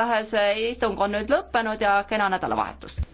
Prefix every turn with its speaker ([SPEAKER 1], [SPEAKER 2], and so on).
[SPEAKER 1] tahes istung on nüüd lõppenud ja kena nädalavahetust!